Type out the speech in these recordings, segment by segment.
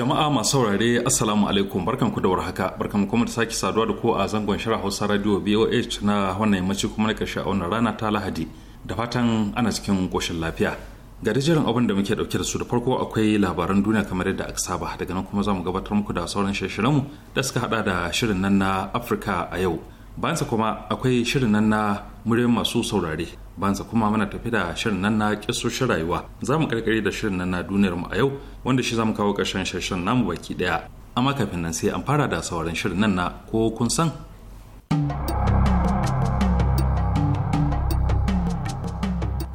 Jama'a masu saurare Assalamu alaikum ku da warhaka barkan kuma da sake saduwa da ku a zangon shara Hausa Radio BOH na wannan yammaci kuma na karshe a wannan rana ta Lahadi da fatan ana cikin koshin lafiya. Ga jerin abin da muke dauke da su da farko akwai labaran duniya kamar yadda aka saba daga nan kuma za mu gabatar muku da sauran shirye mu da suka hada da shirin nan na Afirka a yau. sa kuma akwai shirin nan na muryoyin masu saurare bansa kuma muna tafi da shirin nan na kisoshin rayuwa za mu karkare da shirin nan na duniyar mu a yau wanda shi za mu kawo ƙarshen shirin namu baki ɗaya amma kafin nan sai an fara da sauran shirin nan na ko kun san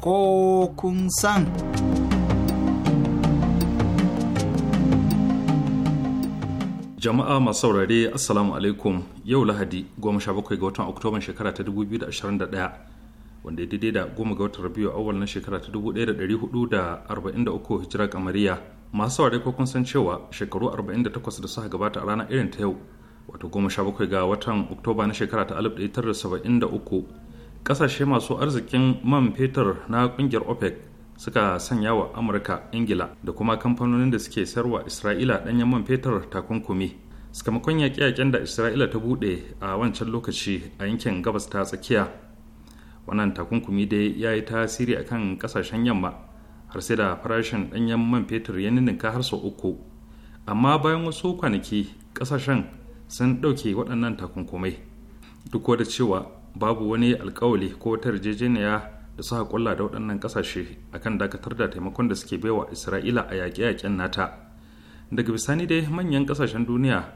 ko kun san jama'a masu saurare assalamu alaikum yau lahadi 17 ga watan oktoba shekara ta 2021 wanda ya daidai da goma ga watan rabiu awal na shekara ta 1443 hijira kamariya masu saurari ko kun san cewa shekaru 48 da suka gabata a rana irin ta yau wato 17 ga watan oktoba na shekara ta 1973 kasashe masu arzikin man fetur na kungiyar opec suka sanya wa amurka ingila da kuma kamfanonin da suke sayarwa isra'ila ɗanyen man fetur takunkumi sakamakon yaƙe-yaƙen da isra'ila ta buɗe a wancan lokaci a yankin gabas ta tsakiya wannan takunkumi dai ya yi tasiri akan kasashen yamma har sai da farashin ɗanyen man fetur ya ninninka har sau uku amma bayan wasu kwanaki kasashen sun ɗauke waɗannan takunkumai duk da cewa babu wani alkawali ko wata yarjejeniya da suka kulla da waɗannan ƙasashe akan dakatar da taimakon da suke baiwa isra'ila a yaƙe-yaƙen nata daga bisani dai manyan kasashen duniya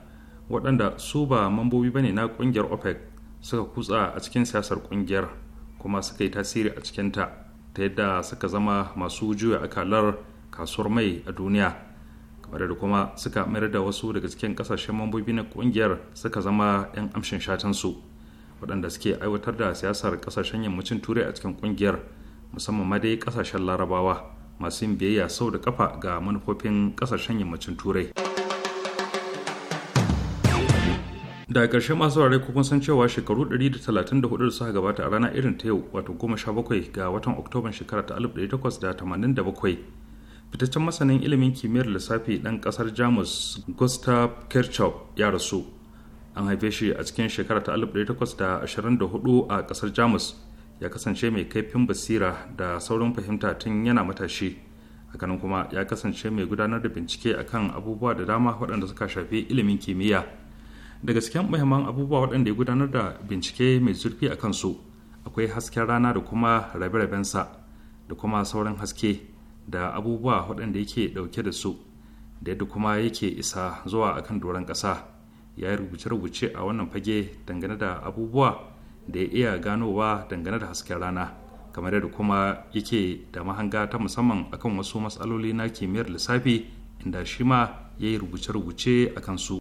waɗanda su ba mambobi bane na ƙungiyar opec suka kutsa a cikin siyasar ƙungiyar kuma suka yi tasiri a cikinta ta yadda suka zama masu juya akalar kasuwar mai a duniya kamar da kuma suka mayar da wasu daga cikin kasashen mambobi na kungiyar suka zama 'yan amshin shatansu waɗanda suke aiwatar da siyasar kasashen yammacin turai a cikin kungiyar musamman ma dai kasashen larabawa masu yin biyayya sau da kafa ga manufofin kasashen yammacin turai. da ƙarshe masu ko kun san cewa shekaru 134 da suka gabata a rana irin ta yau wato 17 ga watan oktoban shekara ta 1887 fitaccen masanin ilimin kimiyyar lissafi ɗan ƙasar jamus gustav kirchhoff ya rasu an haife shi a cikin shekara ta 1824 a ƙasar jamus ya kasance mai kaifin basira da saurin fahimta tun yana matashi hakanan kuma ya kasance mai gudanar da bincike akan abubuwa da dama waɗanda suka shafi ilimin kimiyya Da gasken muhimman abubuwa waɗanda ya gudanar da bincike mai zurfi a kansu akwai hasken rana da kuma rabe raben sa da kuma sauran haske da abubuwa waɗanda yake ɗauke da su da yadda kuma yake isa zuwa akan doron ƙasa ya yi rubuce-rubuce a wannan fage dangane da abubuwa da ya iya ganowa dangane da hasken rana kamar yadda kuma yake da mahanga ta musamman akan wasu matsaloli na kimiyyar lissafi inda shi ma ya yi rubuce-rubuce a kansu.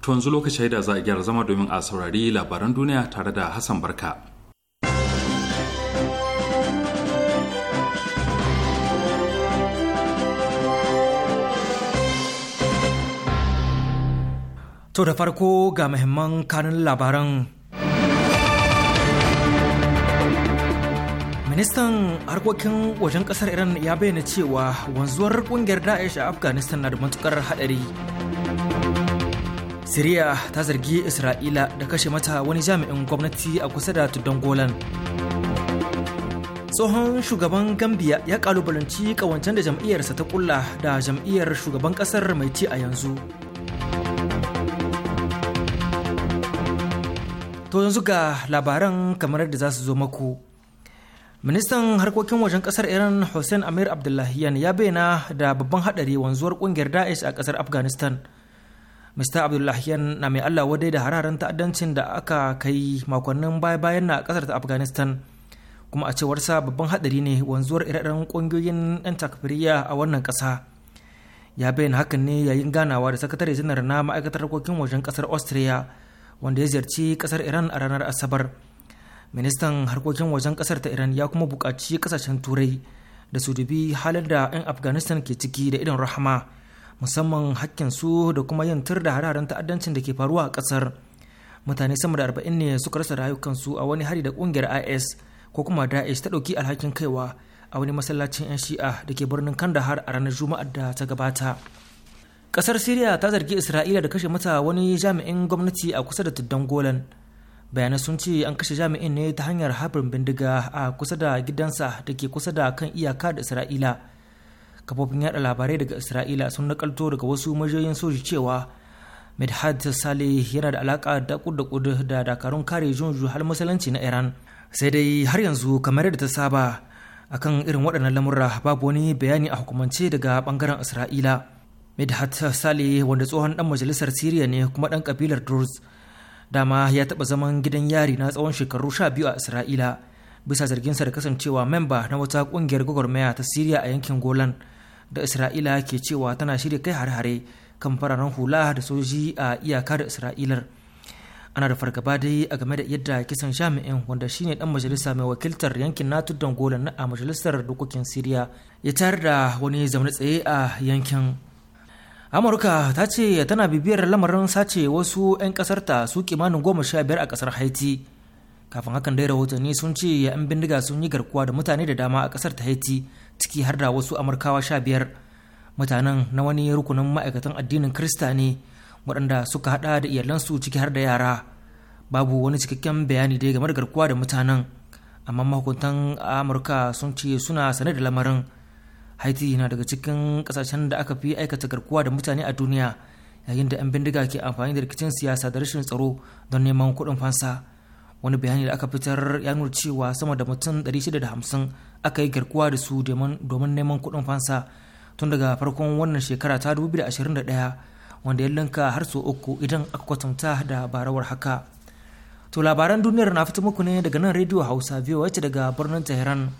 To yanzu lokaci da za a gyara zama domin a saurari labaran duniya tare da Hassan Barka. To da farko ga muhimman kanun labaran. Ministan harkokin wajen kasar Iran ya bayyana cewa wanzuwar kungiyar Daesh a Afghanistan na da matukar haɗari. Siriya ta zargi Isra'ila da kashe mata wani jami'in gwamnati a kusa da tuddan Golan. Tsohon shugaban Gambia ya kalubalanci kawancen da jam'iyyarsa ta kulla da jam'iyyar shugaban kasar mai ci a yanzu. To yanzu ga labaran kamar da za su zo maku. ministan harkokin wajen kasar iran hussein amir abdullahiyan ya bayyana da babban hadari wanzuwar kungiyar daesh a kasar afghanistan mr abdullahian na mai allah wadai da hararen ta'addancin da aka kai makonnin baya-bayan na kasar ta afghanistan kuma a cewarsa babban hadari ne wanzuwar ire kungiyoyin 'yan takfiriya a wannan kasa ya bayyana hakan ne yayin ganawa da sakatare janar na ma'aikatar harkokin wajen kasar austria wanda ya ziyarci kasar iran a ranar asabar ministan harkokin wajen kasar ta iran ya kuma buƙaci kasashen turai da su dubi halin da 'yan afghanistan ke ciki da idan rahama musamman hakkin su da kuma yin tur da hararen ta'addancin da ke faruwa a kasar mutane sama da arba'in ne suka rasa rayukansu a wani hari da kungiyar is ko kuma daesh ta ɗauki alhakin kaiwa a wani masallacin 'yan shi'a da ke birnin kandahar a ranar juma'ar da ta gabata kasar syria ta zargi isra'ila da kashe mata wani jami'in gwamnati a kusa da tuddan golan bayanai sun ce an kashe jami'in ne ta hanyar harbin bindiga a kusa da gidansa da ke kusa da kan iyaka da isra'ila kafofin yada labarai daga isra'ila sun nakalto daga wasu majiyoyin soji cewa medhad sale yana da alaka da kudu da dakarun kare junju har musulunci na iran sai dai har yanzu kamar yadda ta saba akan irin waɗannan lamurra babu wani bayani a hukumance daga bangaren isra'ila medhad sale wanda tsohon dan majalisar siriya ne kuma dan kabilar druze dama ya taɓa zaman gidan yari na tsawon shekaru sha biyu a isra'ila bisa zarginsa da kasancewa memba na wata ƙungiyar gwagwarmaya ta siriya a yankin golan da isra'ila ke cewa tana shirya kai hare-hare kan fararen hula da soji a iyaka da isra'ilar ana da fargaba dai a game da yadda kisan jami'in wanda shine dan majalisa mai wakiltar yankin natu dangola na a majalisar dokokin siriya ya tar da wani zaune tsaye a yankin amurka ta ce tana bibiyar lamarin sace wasu 'yan kasarta su kimanin goma sha biyar a kasar haiti kafin hakan dai rahotanni sun ce 'yan bindiga sun yi garkuwa da mutane da dama a kasar ta haiti ciki har da wasu amurkawa sha biyar mutanen na wani rukunin ma'aikatan addinin krista ne waɗanda suka haɗa da iyalansu ciki har da yara babu wani cikakken bayani dai game da garkuwa da mutanen amma mahukuntan amurka sun ce suna sane da lamarin haiti na daga cikin kasashen da aka fi aikata garkuwa da mutane a duniya yayin da 'yan bindiga ke amfani da rikicin siyasa da rashin tsaro don neman kuɗin fansa wani bayani da aka fitar ya nuna cewa sama da mutum 650 aka yi garkuwa da su domin neman kuɗin fansa tun daga farkon wannan shekara ta 2021 wanda ya linka har sau uku idan aka kwatanta da barawar haka to labaran duniyar na fito muku ne daga nan rediyo hausa biyu wacce daga birnin tehran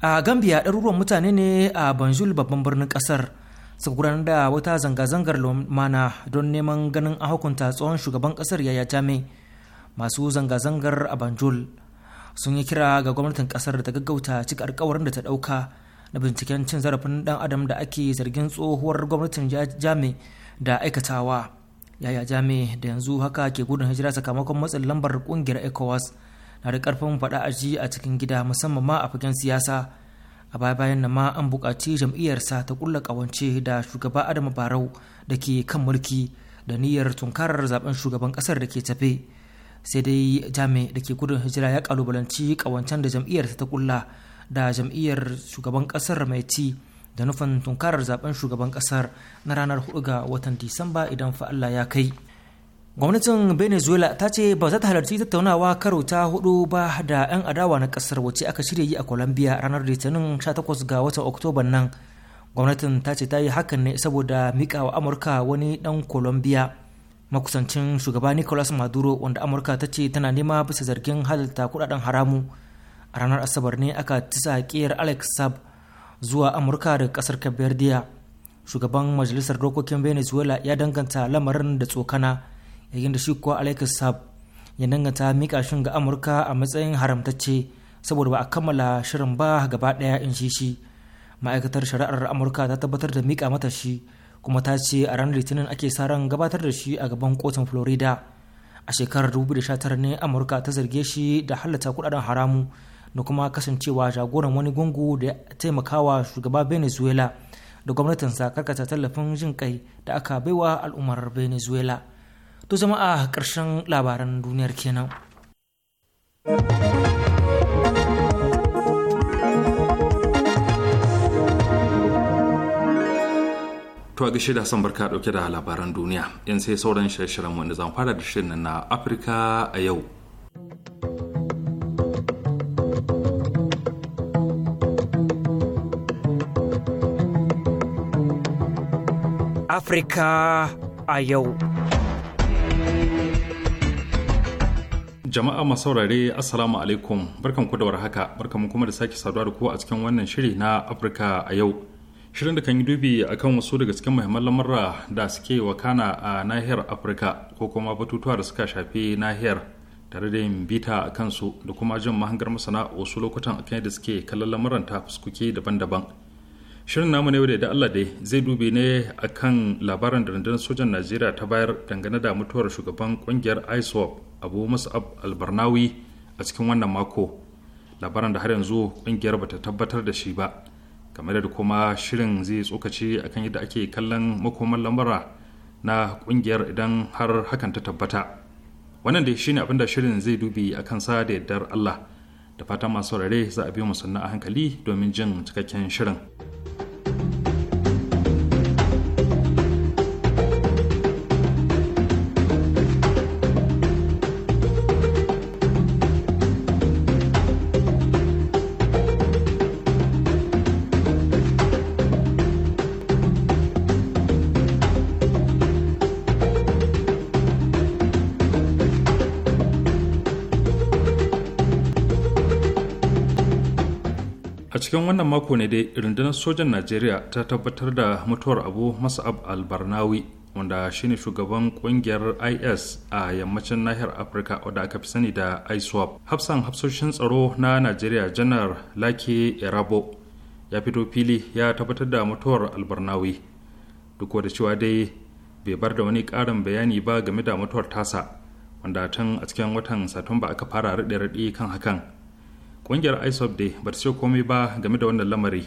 a gambia ɗaruruwan mutane ne a banjul babban birnin ƙasar suka gudanar da wata zanga-zangar lumana don neman ganin a hukunta tsohon shugaban ƙasar yaya jami'a masu zanga-zangar a banjul sun yi kira ga gwamnatin kasar da ta gaggauta cika alkawarin da ta dauka na binciken cin zarafin dan adam da ake zargin tsohuwar gwamnatin jami da aikatawa yaya jami da yanzu haka ke gudun hijira sakamakon matsin lambar kungiyar ecowas na da karfin faɗa a ji a cikin gida musamman ma a fagen siyasa a baya bayan na ma an buƙaci jam'iyyarsa ta kulla kawance da shugaba adamu barau da ke kan mulki da niyyar tunkarar zaben shugaban ƙasar da ke tafe sai dai jami da ke gudun hijira ya kalubalanci kawancen da jam'iyyar ta kulla da jam'iyyar shugaban kasar mai ci da nufin tunkarar zaben shugaban kasar na ranar 4 ga watan disamba idan fa Allah ya kai gwamnatin venezuela ta ce ba za ta halarci tattaunawa karo ta hudu ba da 'yan adawa na kasar wace aka shirya yi a colombia ranar litinin 18 ga watan oktoba nan gwamnatin ta ce ta yi hakan ne saboda mika wa amurka wani dan colombia makusancin shugaba nicolas maduro wanda amurka ta ce tana nema bisa zargin halarta kudaden haramu a ranar asabar ne aka tisa kiyar alex sab zuwa amurka daga kasar caberdia shugaban majalisar dokokin venezuela ya danganta lamarin da tsokana yayin da shi kuwa alex sab ya danganta mika shin ga amurka a matsayin haramtacce saboda ba a kammala shirin ba gaba daya in shi shi ma'aikatar shari'ar amurka ta tabbatar da mika mata shi kuma ta ce a ranar litinin ake sa ran gabatar da shi a gaban kotun florida a shekarar 2019 ne amurka ta zarge shi da halatta kudaden haramu da kuma kasancewa jagoran wani gungu da ya taimakawa shugaba venezuela da gwamnatinsa karkata tallafin jin kai da aka baiwa al'ummar venezuela to jama'a ƙarshen labaran duniyar kenan. To a gashi da son barka dauke da labaran duniya. Yan sai sauran shirye-shiryen wanda zan fara da shirin na Afirka a yau. Afirka a yau. Jama'a masu saurare Assalamu alaikum barkan ku haka, barkan kuma da sake saduwa da ku a cikin wannan shiri na Afirka a yau. shirin da kan yi dubi a kan wasu daga cikin muhimman lamurra da suke wakana a nahiyar afirka ko kuma batutuwa da suka shafi nahiyar tare da yin bita a kansu da kuma jin mahangar masana wasu lokutan a kan yadda suke kallon lamuran ta fuskuke daban-daban shirin namu ne da allah dai zai dubi ne akan labaran da rundunar sojan najeriya ta bayar dangane da mutuwar shugaban kungiyar isop abu musab albarnawi a cikin wannan mako labaran da har yanzu kungiyar bata tabbatar da shi ba kamar da kuma shirin zai tsokaci akan yadda ake kallon makoman lamura na kungiyar idan har hakan ta tabbata wannan da shine abinda shirin zai dubi a sa da yardar Allah da fatan masu rare za a biyo musanna a hankali domin jin cikakken shirin. a cikin wannan mako ne dai rundunar sojan najeriya ta tabbatar da mutuwar abu masa'ab albarnawi wanda shine shugaban kungiyar is a yammacin nahiyar afirka wadda aka fi sani da iswap hafsan hafsoshin tsaro na najeriya janar lake erabo ya fito fili ya tabbatar da mutuwar albarnawi duk da cewa dai bai bar da wani karin bayani ba game da mutuwar tasa wanda tun a cikin watan satumba aka fara raɗe-raɗe kan hakan kungiyar isop da ba ce komai ba game da wannan lamari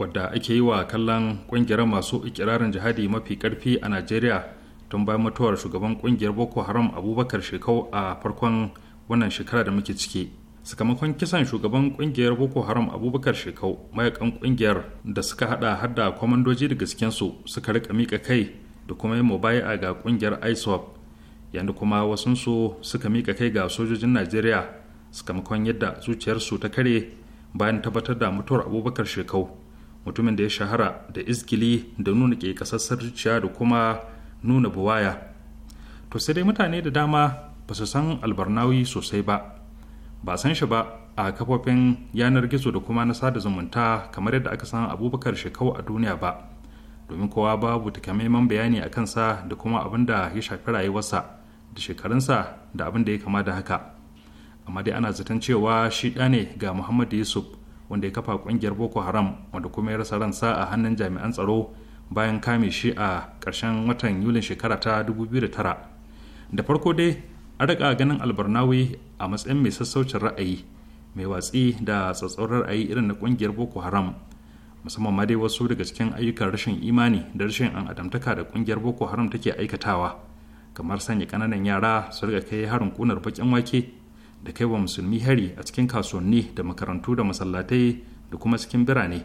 wadda ake yi wa kallon kungiyar masu ikirarin jihadi mafi karfi a najeriya tun bayan mutuwar shugaban kungiyar boko haram abubakar shekau a farkon wannan shekara da muke ciki sakamakon kisan shugaban kungiyar boko haram abubakar shekau mayakan kungiyar da suka hada da kwamandoji da gaskensu suka rika mika kai da kuma yi mubaya ga kungiyar isop yanda kuma wasunsu suka mika kai ga sojojin najeriya sakamakon yadda zuciyarsu ta kare bayan tabbatar da mutuwar abubakar shekau mutumin da ya shahara da izgili da nuna ke kasassar zuciya da kuma nuna buwaya to sai dai mutane da dama ba su san albarnawi sosai ba ba san shi ba a kafofin yanar gizo da kuma na sada zumunta kamar yadda aka san abubakar shekau a duniya ba domin kowa babu takamaiman bayani a kansa da kuma abin da ya shafi rayuwarsa da shekarunsa da abin da ya kama da haka amma dai ana zaton cewa shi ɗa ne ga muhammad yusuf wanda ya kafa ƙungiyar boko haram wanda kuma ya rasa ransa a hannun jami'an tsaro bayan kame shi a ƙarshen watan yulin shekara ta 2009 da farko dai an riƙa ganin albarnawi a matsayin mai sassaucin ra'ayi mai watsi da tsatsauran ra'ayi irin na ƙungiyar boko haram musamman ma dai wasu daga cikin ayyukan rashin imani da rashin an adamtaka da ƙungiyar boko haram take aikatawa kamar sanya ƙananan yara su riga kai harin kunar baƙin wake da kai wa musulmi hari a cikin kasuwanni da makarantu da masallatai da kuma cikin birane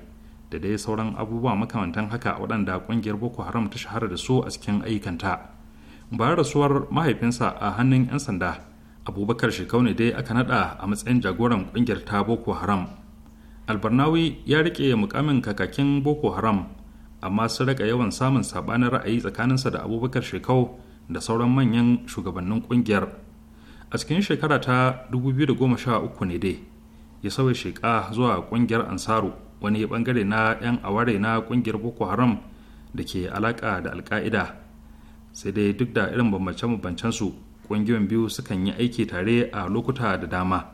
da dai sauran abubuwa makamantan haka waɗanda ƙungiyar boko haram ta shahara da su a cikin ayyukanta bayan rasuwar mahaifinsa a hannun 'yan sanda abubakar shekau ne dai aka nada a matsayin jagoran ƙungiyar ta boko haram albarnawi ya rike mukamin kakakin boko haram amma sun raka yawan samun saɓanin ra'ayi tsakaninsa da abubakar shekau da sauran manyan shugabannin ƙungiyar a cikin shekara ta 2013 ne dai ya sauya sheka zuwa kungiyar ansaru wani bangare na 'yan aware na kungiyar boko haram da ke alaka da alka'ida sai dai duk da irin bambance-bambancen su kungiyoyin biyu sukan yi aiki tare a lokuta da dama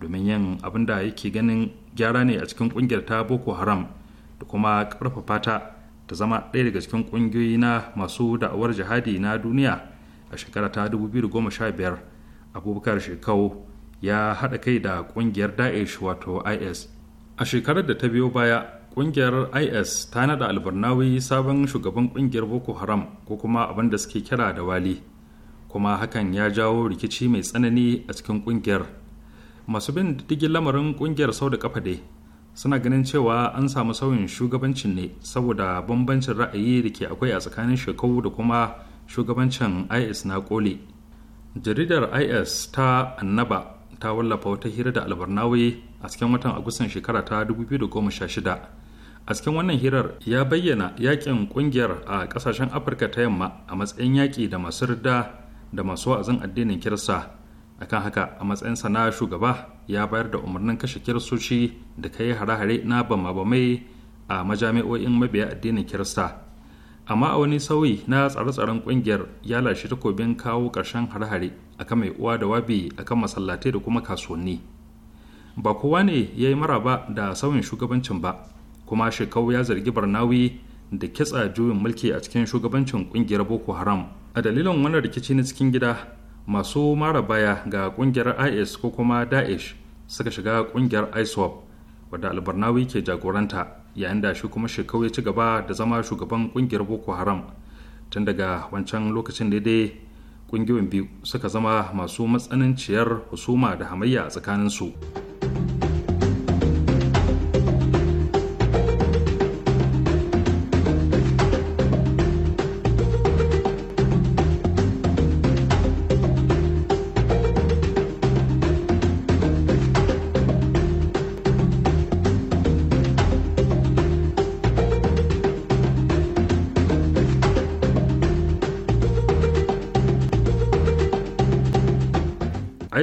domin yin abin da yake ganin gyara ne a cikin kungiyar ta boko haram da kuma karfafa ta ta zama ɗaya daga cikin kungiyoyi na masu da'awar jihadi na duniya a shekara ta 2015 abubakar shekau ya haɗa kai da ƙungiyar daesh wato is a shekarar da ta biyo baya ƙungiyar is ta nada albarnawi sabon shugaban ƙungiyar boko haram ko kuma abin da suke kira da wali kuma hakan ya jawo rikici mai tsanani a cikin ƙungiyar masu bin diddigin lamarin ƙungiyar sau da kafa dai suna ganin cewa an samu sauyin shugabancin ne saboda bambancin ra'ayi da ke akwai a tsakanin shekau da kuma shugabancin is na koli jaridar is ta annaba ta wallafa wata hira da albarnawe a cikin watan agustan shekara ta 2016 a cikin wannan hirar ya bayyana yakin kungiyar a kasashen afirka ta yamma a matsayin yaƙi da masu rida da masu wa'azin addinin A akan haka a matsayinsa na shugaba ya bayar da umarnin kashe kirsoci da kai hare-hare na bama-bamai a majami'o'in mabiya addinin kirista amma a wani sauyi na tsare-tsaren kungiyar ya lashe takobin kawo ƙarshen hare-hare akan mai uwa da wabi kan masallatai da kuma kasuwanni ba kowa ne ya yi maraba da sauyin shugabancin ba kuma shekau ya zargi barnawi da kitsa juyin mulki a cikin shugabancin kungiyar boko haram a dalilin wannan rikici na cikin gida masu mara baya ga kungiyar is ko kuma daesh suka shiga kungiyar iswap wadda albarnawi ke jagoranta yayin da shi kuma shekau ya ci gaba da zama shugaban kungiyar boko haram tun daga wancan lokacin da dai kungiyoyin biyu suka zama masu matsananciyar husuma da hamayya a tsakaninsu. su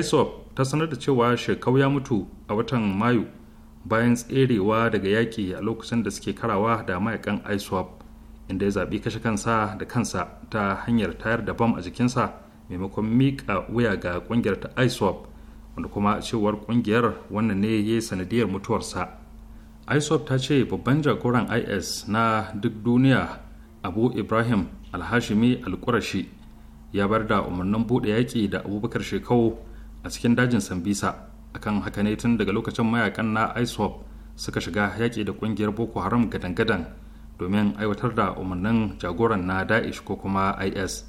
isop ta sanar da cewa shekau ya mutu a watan mayu bayan tserewa daga yaƙi a lokacin da suke karawa da mayakan isop inda ya zaɓi kashe kansa da kansa ta hanyar tayar da bam a jikinsa maimakon miƙa wuya ga ƙungiyar ta isop wanda kuma cewar ƙungiyar wannan ne ya yi sanadiyar mutuwarsa isop ta ce babban jagoran is na duk duniya abu ibrahim alhashimi alƙurashi ya bar da umarnin buɗe yaƙi da abubakar shekau a cikin dajin sambisa akan haka ne tun daga lokacin mayakan na iswap suka shiga yaƙi da ƙungiyar boko haram gadan-gadan domin aiwatar da umarnin jagoran na daesh ko kuma is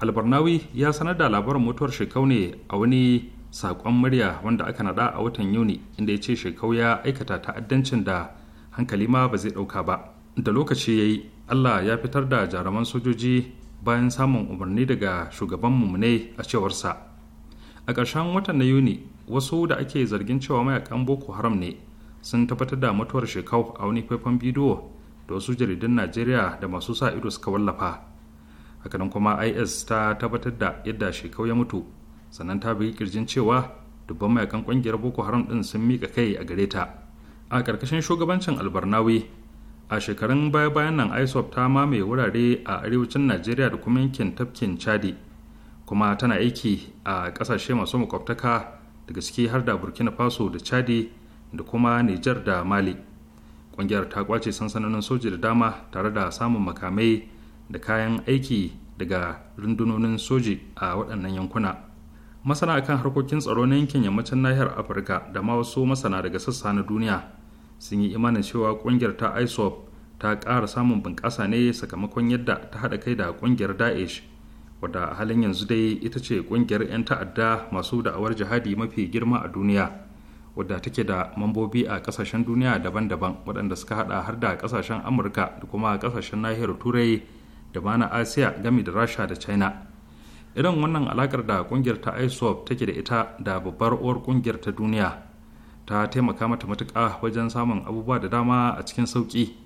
albarnawi ya sanar da labarin mutuwar shekau ne a wani saƙon murya wanda aka naɗa a watan yuni inda ya ce shekau ya aikata ta'addancin da hankali ma ba zai ɗauka ba da lokaci ya yi allah ya fitar da jaruman sojoji bayan samun umarni daga shugaban ne a cewarsa a ƙarshen watan na yuni wasu da ake zargin cewa mayakan boko haram ne sun tabbatar da mutuwar shekau a wani faifan bidiyo da wasu jaridun najeriya da masu sa ido suka wallafa hakanan kuma is ta tabbatar da yadda shekau ya mutu sannan ta bugi kirjin cewa dubban mayakan kungiyar boko haram din sun mika kai a gare ta a ƙarƙashin shugabancin albarnawi a shekarun baya-bayan nan isop ta mamaye wurare a arewacin najeriya da kuma yankin tafkin chadi kuma tana aiki a kasashe masu makwabtaka daga ciki har da burkina faso da chadi da kuma nijar da mali ƙungiyar ta kwace sansanonin soji da dama tare da samun makamai da kayan aiki daga rundunonin soji a waɗannan yankuna masana kan harkokin tsaro na yankin yammacin nahiyar afirka da ma wasu masana daga sassa na duniya sun yi imanin cewa ƙungiyar ta isop ta ƙara samun bunƙasa ne sakamakon yadda ta haɗa kai da ƙungiyar daesh wadda a halin yanzu dai ita ce kungiyar 'yan ta'adda masu da'awar jihadi mafi girma a duniya wadda take da mambobi a kasashen duniya daban-daban waɗanda suka hada har da kasashen amurka da kuma kasashen nahiyar turai da ma na asiya gami da rasha da china irin wannan alakar da kungiyar ta isop take da ita da babbar uwar kungiyar ta duniya ta taimaka mata matuƙa wajen samun abubuwa da dama a cikin sauƙi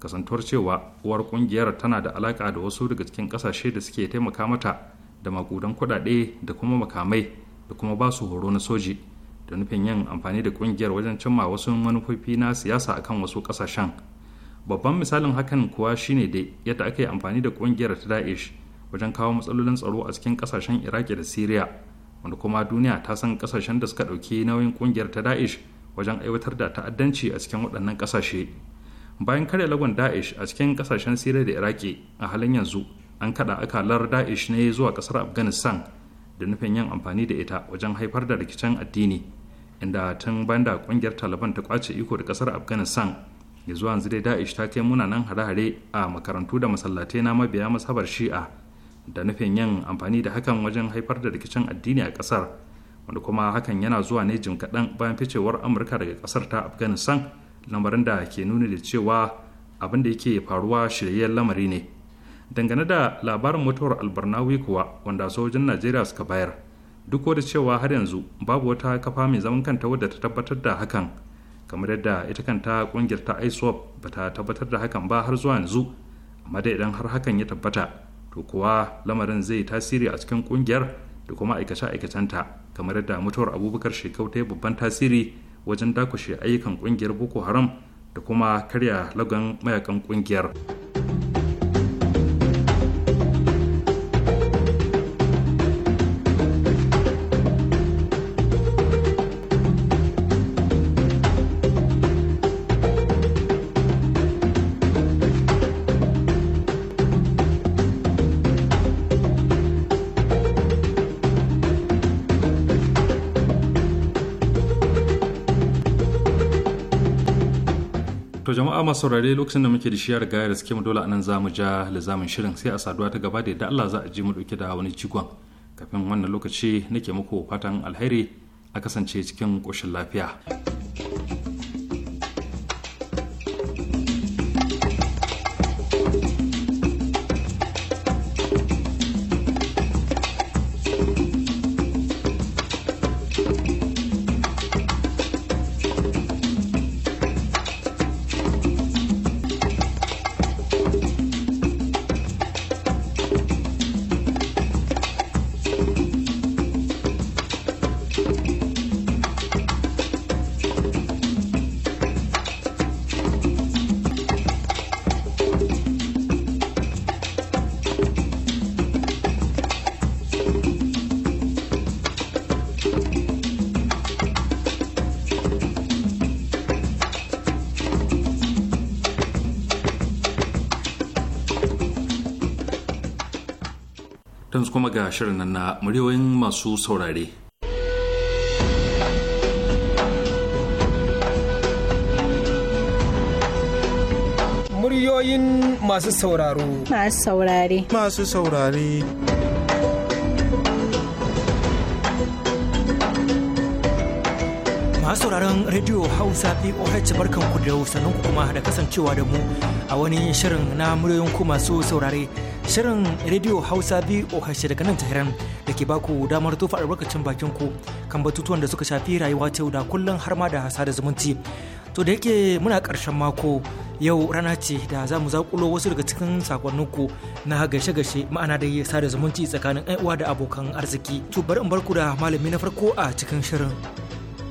kasantuwar cewa uwar kungiyar tana da alaka da wasu daga cikin kasashe da suke taimaka mata da makudan kuɗaɗe da kuma makamai da kuma ba su horo na soji da nufin yin amfani da kungiyar wajen cimma wasu manufofi na siyasa akan wasu ƙasashen babban misalin hakan kuwa shine da yadda aka yi amfani da kungiyar ta daesh wajen kawo matsalolin tsaro a cikin kasashen iraki da syria wanda kuma duniya ta san ƙasashen da suka ɗauki nauyin kungiyar ta daesh wajen aiwatar da ta'addanci a cikin waɗannan ƙasashe. bayan karya lagon da'ish a cikin kasashen siriya da iraki a halin yanzu an kada akalar da'ish ne zuwa kasar afghanistan da nufin yin amfani da ita wajen haifar da rikicin addini inda tun bayan da kungiyar taliban ta kwace iko da kasar afghanistan ya zuwa yanzu dai da'ish ta kai munanan hare-hare a makarantu da masallatai na mabiya masabar shi'a da nufin yin amfani da hakan wajen haifar da rikicin addini a kasar wanda kuma hakan yana zuwa ne jim kaɗan bayan ficewar amurka daga kasar ta afghanistan lamarin da ke nuni da cewa abin da yake faruwa shiryayyen lamari ne dangane da labarin mutuwar albarnawi kuwa wanda sojin najeriya suka bayar duk da cewa har yanzu babu wata kafa mai zaman kanta wadda ta tabbatar da hakan kamar yadda ita kanta kungiyar ta isop ba ta tabbatar da hakan ba har zuwa yanzu amma dai idan har hakan ya tabbata to kuwa lamarin zai tasiri a cikin kungiyar da kuma aikace-aikacenta kamar yadda mutuwar abubakar shekau ta yi babban tasiri wajen dakushe ayyukan kungiyar boko haram da kuma karya lagon mayakan kungiyar. ma saurare lokacin da muke da shi riga ya suke mu dole anan za mu ja lizamin shirin sai a saduwa ta gaba da yadda Allah za a ji mu dauke da wani jigon kafin wannan lokaci nake muku fatan alheri a kasance cikin koshin lafiya. yanzu kuma ga shirin nan na muryoyin masu saurare. Muryoyin masu sauraro. Masu saurare. Masu saurare. masu sauraron rediyo hausa voh barkanku da sannan kuma da kasancewa da mu a wani shirin na muryoyin ku masu saurare Shirin Radio Hausa bi VOH daga nan Tehran da ke baku damar tofa albarkacin bakin ku kan batutuwan da suka shafi rayuwa ta yau da kullum har ma da sada zumunci. To da yake muna karshen mako yau rana ce da za mu zakulo wasu daga cikin sakonninku na gashe-gashe ma'ana da sada zumunci tsakanin uwa da abokan arziki. To bari in barku da malami na farko a cikin shirin.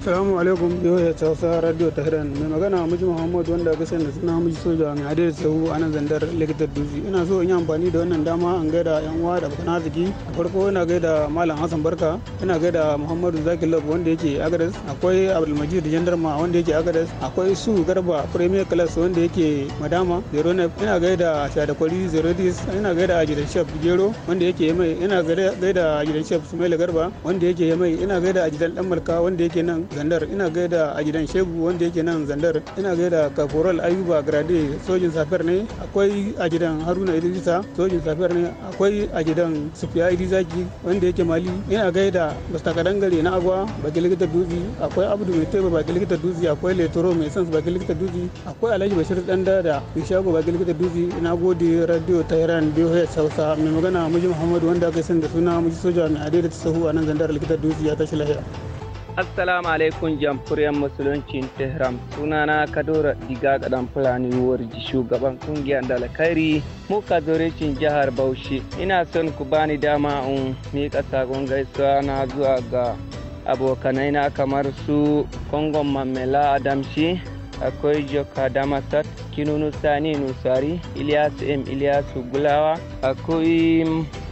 Salamu alaikum yau ya sa radio ta Tehran mai magana miji Muhammad wanda ga sanda suna miji soja mai hadar sahu a nan zandar likitar duzi ina so in yi amfani da wannan dama an gaida yan uwa da abokan arziki da farko ina gaida Malam Hassan Barka ina gaida Muhammadu Zaki Lab wanda yake Agadas akwai Abdulmajid Jandarma wanda yake Agadas akwai Su Garba Premier Class wanda yake Madama Zero Nef ina gaida Shadakwari Zero Dis ina gaida Ajidan shef Gero wanda yake mai ina gaida Ajidan shef Sumaila Garba wanda yake mai ina gaida Ajidan Dan Malka wanda yake nan zandar ina gaida a gidan shegu wanda yake nan zandar ina gaida kaforal ayuba grade sojin safiyar ne akwai a gidan haruna idrisa sojin safiyar ne akwai a gidan sufiya idrisaki wanda yake mali ina gaida mr kadangare na agwa baki likita dutse akwai abdu mai teba baki likita dutse akwai letoro mai sans baki likita dutse akwai alhaji bashir dan dada ishago baki likita dutse ina gode radio tehran biyu ya sausa mai magana muji muhammadu wanda aka sani da suna muji soja mai adaidata ta sahu a nan zandar likita dutse ya tashi lahiya. Assalamu alaikum jamhuriyar musuluncin Tehran sunana Kadura Diga Gadan Fulani Warji shugaban kungiyar Dalakari muka cin jihar Bauchi ina son ku bani dama in miƙa sakon gaisuwa na zuwa ga abokanai na kamar su Kongon Mamela Adamshi akwai Joka Damasat Kinunu Sani Nusari Ilyasu M Ilyasu Gulawa akwai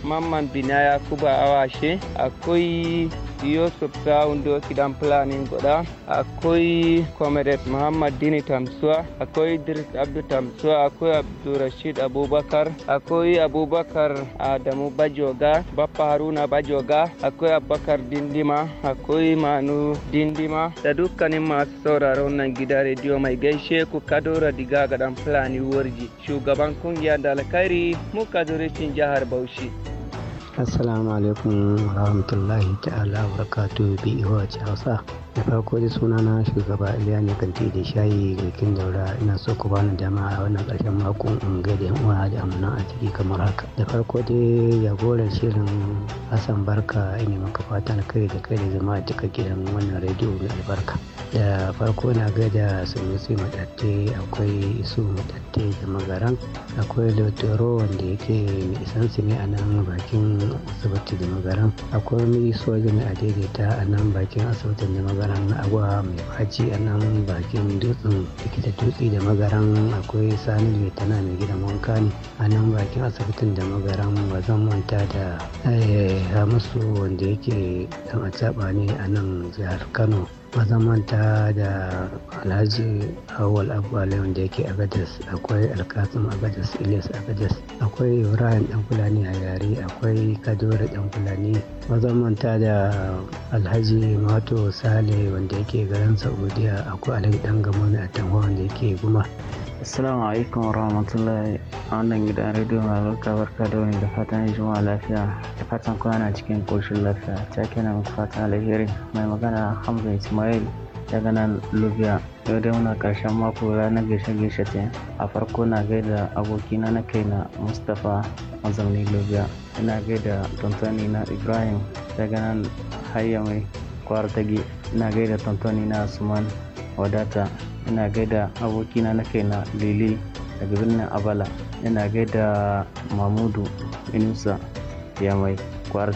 Mamman Binaya Kuba Awashe akwai yusuf sawun doki dan planning goda akwai comrade muhammad dini tamsuwa akwai idris abdu tamsuwa akwai abdurashid abubakar akwai abubakar adamu bajoga bappa haruna bajoga akwai abubakar dindima akwai manu dindima da dukkanin masu sauraron nan gida rediyo mai gaishe ku kadora diga gadan dan fulani warji shugaban kungiyar da alkhairi muka zurishin jihar bauchi assalamu alaikum warahmatullahi ta'ala barakatuhu bi iwaci e hausa da farko da suna na shugaba iliya ne kanti da shayi garkin daura ina so ku bani dama a wannan karshen mako in ga da uwa da amana a ciki kamar haka da farko dai jagoran shirin hassan barka ina maka fatan kai da kai da zama a cika gidan wannan rediyo mai albarka da farko na ga da sai matatte akwai isu matatte da magaran akwai lotoro wanda yake mai su ne a nan bakin asibiti da magaran akwai mai soja mai daidaita a nan bakin asibitin da magaran magaran agwa mai faci a nan bakin dutsen likita dutse da magaran akwai sani mai tana mai gidan wanka ne a nan bakin asibitin da magaran ba zan manta da eh, hamisu wanda yake dan a ne a nan jihar kano mazamanta manta da alhaji awal abu wanda yake agadas akwai alkasim agadas ilis agadas akwai ibrahim dan fulani a yare akwai kadore dan fulani mazamanta manta da alhaji mato sale wanda yake garin saudiya akwai alhaji dan gamoni a tanwa wanda yake guma Assalamu alaikum warahmatullahi wannan gidan rediyo mai albarka barka da wani da fatan juma'a lafiya da fatan kwana cikin koshin lafiya ta kenan muku fatan alheri mai magana hamza ismail daga nan lubiya yau dai muna karshen mako ranar gaishe gaishe ta a farko na gaida abokina na kaina mustapha mazaunin lubiya ina gaida tontoni na ibrahim daga nan hayyamai kwarta kwartage ina gaida tantani na suman wadata ina gaida abokina na kai na lele daga birnin abala ina gaida mamudu inusa ya mai kwara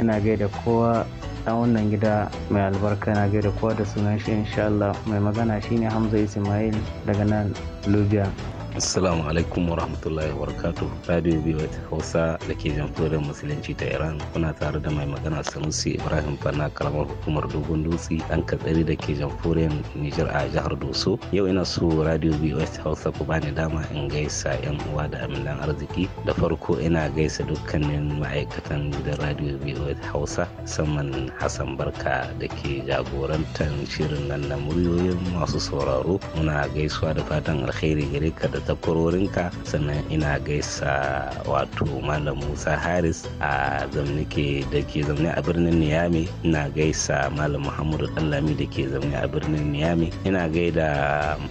ina gaida kowa a wannan gida mai albarka na gaida kowa da sunan shi insha mai magana shine Hamza Ismail daga nan Lubiya Assalamu alaikum wa rahmatullahi wa barakatu Radio BYT Hausa da ke jamfurin Musulunci ta Iran kuna tare da mai magana Sanusi Ibrahim Fana karamar hukumar Dogon Dutse dan katsari da ke jamfurin Nijar a jihar Doso. Yau ina so Radio BYT Hausa ku bani dama in gaisa yan uwa da aminan arziki. Da farko ina gaisa dukkanin ma'aikatan gidan Radio BYT Hausa musamman Hassan Barka da ke jagorantar shirin nan na muryoyin masu sauraro. Muna gaisuwa da fatan alkhairi gare ka da takwarorinka sannan ina gaisa wato malam musa haris a zamnike da ke zaune a birnin niyami ina gaisa malam muhammadu dallami da ke zaune a birnin niyami ina gaida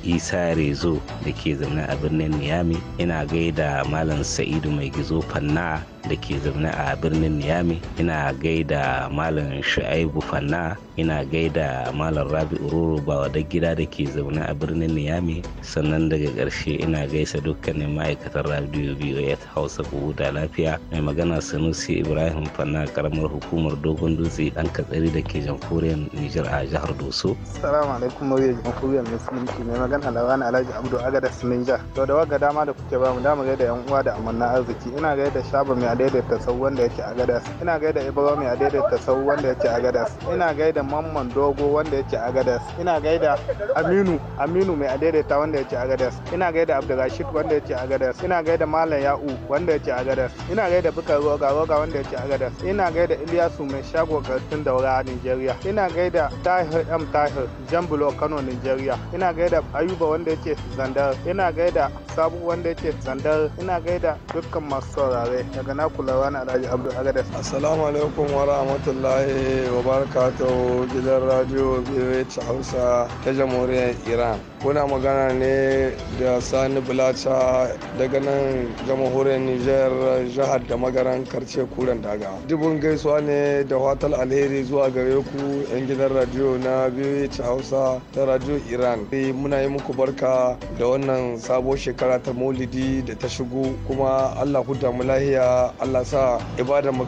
isa rezo da ke zaune a birnin niyami ina gaida malam sa'idu mai gizo fanna da ke zaune a birnin Niyami ina gaida Malam Shu'aibu Fanna ina gaida Malam Rabi wa da gida da ke zaune a birnin Niyami sannan daga ƙarshe ina gaisa dukkanin ma'aikatan Radio BOS Hausa ku huta lafiya mai magana Sanusi Ibrahim Fanna karamar hukumar Dogon Dutse dan katsari da ke jamhuriyar Nijar a jihar Doso. Assalamu alaikum mawuyar jamhuriyar Musulunci mai magana Lawan Alhaji Abdu Agada Sininja. To da waga dama da kuke ba mu dama gaida yan uwa da amanna arziki ina gaida Shaba mai daidaita sau wanda yake a gadas ina gaida ibrahim a daidaita sau wanda yake a gadas ina gaida mamman dogo wanda yake a gadas ina gaida aminu aminu mai a daidaita wanda yake a gadas ina gaida abdurrashid wanda yake a gadas ina gaida malam ya'u wanda yake a gadas ina gaida bukar roga roga wanda yake a gadas ina gaida iliyasu mai shago karfin daura a nigeria ina gaida tahir m tahir bulo kano nigeria ina gaida ayuba wanda yake zandar ina gaida sabu wanda yake zandar ina gaida dukkan masu saurare daga na na kulawa na Alhaji Abdul Agadas. Assalamu alaikum wa rahmatullahi wa barakatuhu gidan radio BH Hausa ta Jamhuriyar Iran. kuna magana ne da sani bulacha daga nan jamhuriyar niger jihar da magaran karce kuren daga dubun gaisuwa ne da watal alheri zuwa gare ku yan gidan radio na biyu hausa ta radio iran eh, muna yi muku barka da wannan sabo shekara ta maulidi da ta shigo kuma allah huta mu lahiya allah sa ibada mu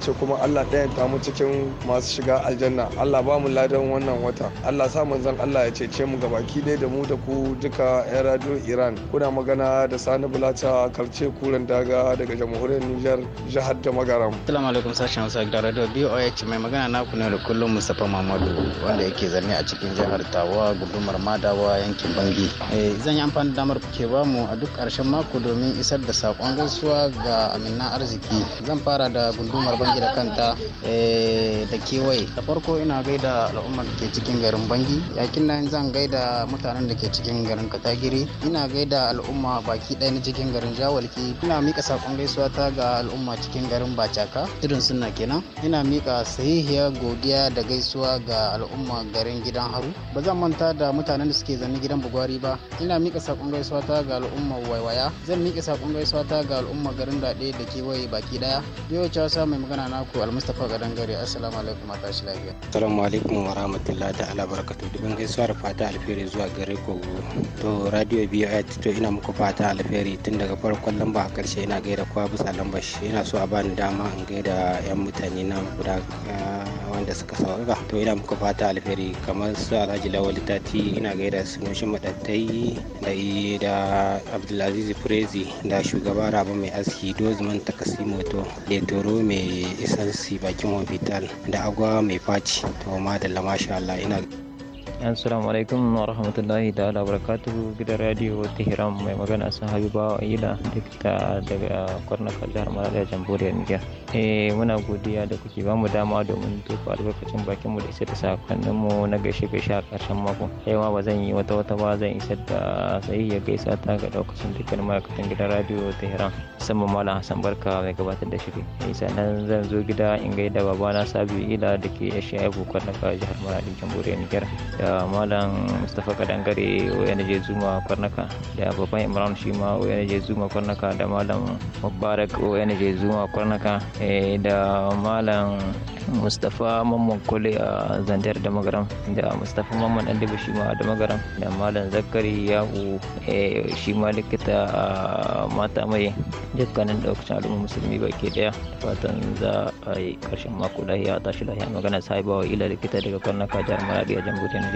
ce kuma allah ɗayan ta mu cikin masu shiga aljanna allah ba mu ladan wannan wata allah sa zan allah ya cece mu gabaki ɗaya da mu da ku duka 'yan radio Iran. Kuna magana da Sani Bulata Karce Kuren Daga daga jamhuriyar niger jihar da Magaram. salamu alaikum sashen Hausa da radio BOH mai magana naku ne da kullum Mustapha Mamadu wanda yake zanne a cikin jihar Tawa gudumar Madawa yankin Bangi. Eh, zan yi amfani da damar kuke bamu a duk karshen mako domin isar da sakon gaisuwa ga amina arziki. Zan fara da gundumar Bangi da kanta eh, da kewaye. Da farko ina gaida al'ummar da ke cikin garin Bangi. Yakin nan zan gaida mutane mutanen da ke cikin garin katagiri ina gaida al'umma baki ɗaya na cikin garin jawalki ina mika sakon gaisuwa ta ga al'umma cikin garin bacaka irin suna kenan ina mika sahihiyar godiya da gaisuwa ga al'umma garin gidan haru ba zan manta da mutanen da suke zanne gidan bugwari ba ina mika sakon gaisuwa ta ga al'umma waiwaya zan mika sakon gaisuwa ta ga al'umma garin daɗe da kewaye baki ɗaya yau cewa mai magana naku almustapha gadon gari assalamu alaikum a tashi lafiya assalamu alaikum wa rahmatullahi ta'ala barakatuhu dubin gaisuwa da fata alfiri zuwa ga ku to radio biyu to ina muku fata alheri tun daga farkon lamba a karshe ina gaida kowa bisa lamba shi ina so a bani dama in gaida yan mutane na guda ah, wanda suka saurara to ina muku fata alfahari kamar su alhaji lawal tati ina gaida su nushin madattai da da abdulaziz prezi da shugaba rabu mai aski dozman takasimo to letoro mai isansi bakin hospital da agwa mai faci to ma da lamasha Allah ina assalamu alaikum wa rahmatullahi ta'ala barakatuhu gidan radio tehran mai magana sun habiba ila dukta daga kwarnaka jihar malariya jamboriya niger eh muna godiya da kuke ba mu dama domin tofa albarkacin bakin mu da isa da sakonnin mu na gaishe gaishe a karshen mako yau ma ba zan yi wata wata ba zan isa da sai ya gaisa ta ga daukacin dukkan ma'aikatan gidan radio tehran musamman malam hassan barka mai gabatar da shiri eh, sannan zan zo gida in gaida babana sabi ila da ke ya shi aibu kwarnaka jihar malariya jamhuriyar niger da malam mustapha kadangare je zuma kwarnaka da babban imran shi ma je zuma kwarnaka da malam mubarak je zuma kwarnaka eh, da malam mustapha mamman kole a zandar da magaram da mustapha mamman dan shi ma da magaram da malam zakari yahu eh, shi ma likita a mata mai dukkanin daukacin al'umma musulmi baki daya fatan za a yi karshen mako lahiya tashi lahiya magana sahibawa ila likita daga kwarnaka jihar maradi a jamhuriyar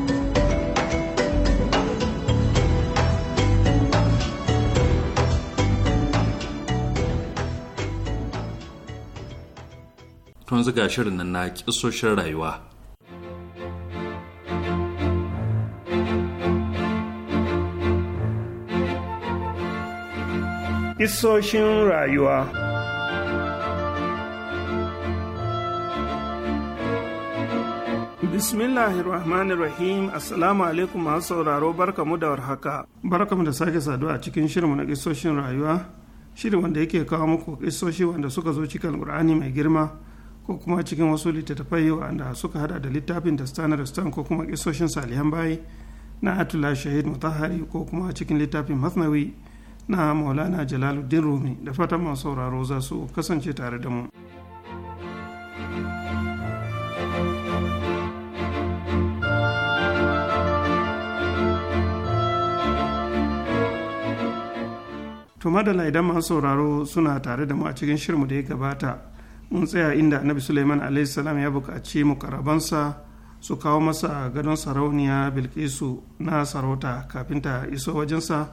tun zuga shirin nan na kisoshin rayuwa. Kisoshin rayuwa Bismillahir Rahmanir Rahim Assalamu alaikum masu sauraro barkamu da warhaka. Barkamu da sake saduwa a cikin shirinmu na kisoshin rayuwa, shirin wanda yake kawo muku kisoshi wanda suka zo cikin Qur'ani mai girma ko kuma cikin wasu littattafai wanda suka hada da littafin da stanar stan ko kuma kisoshin salihan bayi na atula shahid mutahari ko kuma cikin littafin masnawi na maulana jalaluddin rumi da fatan masu sauraro za su kasance tare da mu. To da idan masu sauraro suna tare da mu a cikin shirmu da ya gabata mun tsaya inda annabi suleiman a.s. ya buƙaci mukarabansa su kawo masa gadon sarauniya bilkisu na sarauta kafin ta iso wajensa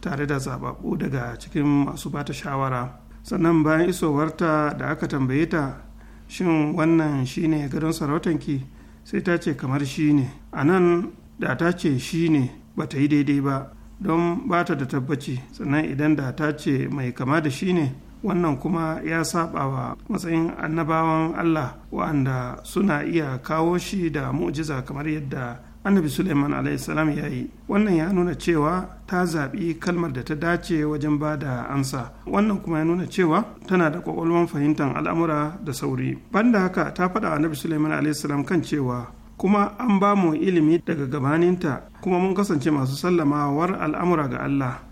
tare da zababu daga cikin masu ba ta shawara sannan bayan isowarta da aka tambaye ta shin wannan shine gadon sarautanki sai ta ce kamar shine a nan da ta ce shine ba ta yi daidai ba don ba ta da tabbaci sannan idan da ta ce mai kama da shine wannan kuma ya saba wa matsayin annabawan Allah wa'anda suna iya kawo shi da mu'jiza kamar yadda annabi suleiman salam ya yi wannan ya nuna cewa ta zaɓi kalmar da ta dace wajen ba da ansa wannan kuma ya nuna cewa tana da ƙwaƙwalwan fahimtar al'amura da sauri banda haka ta faɗa annabi suleiman salam kan cewa kuma an ba mu ilimi daga gabaninta kuma mun kasance masu sallamawar al'amura ga allah